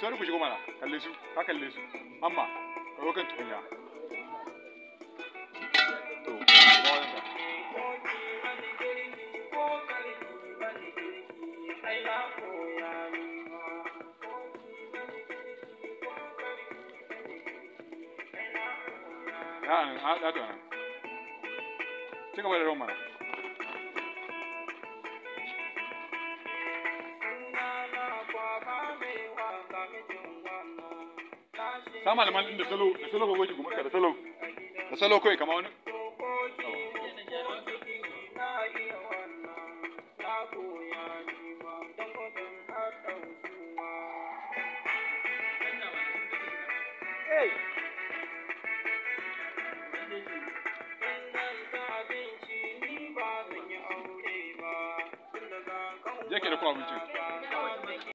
sauri ku shigo mana kalle su ka amma kan tukunya Ya, ya, ya, da roman. sama alman din da salo da salo gogoji kuma da salo da salo kai kamar wani Hey! Je ke da kwa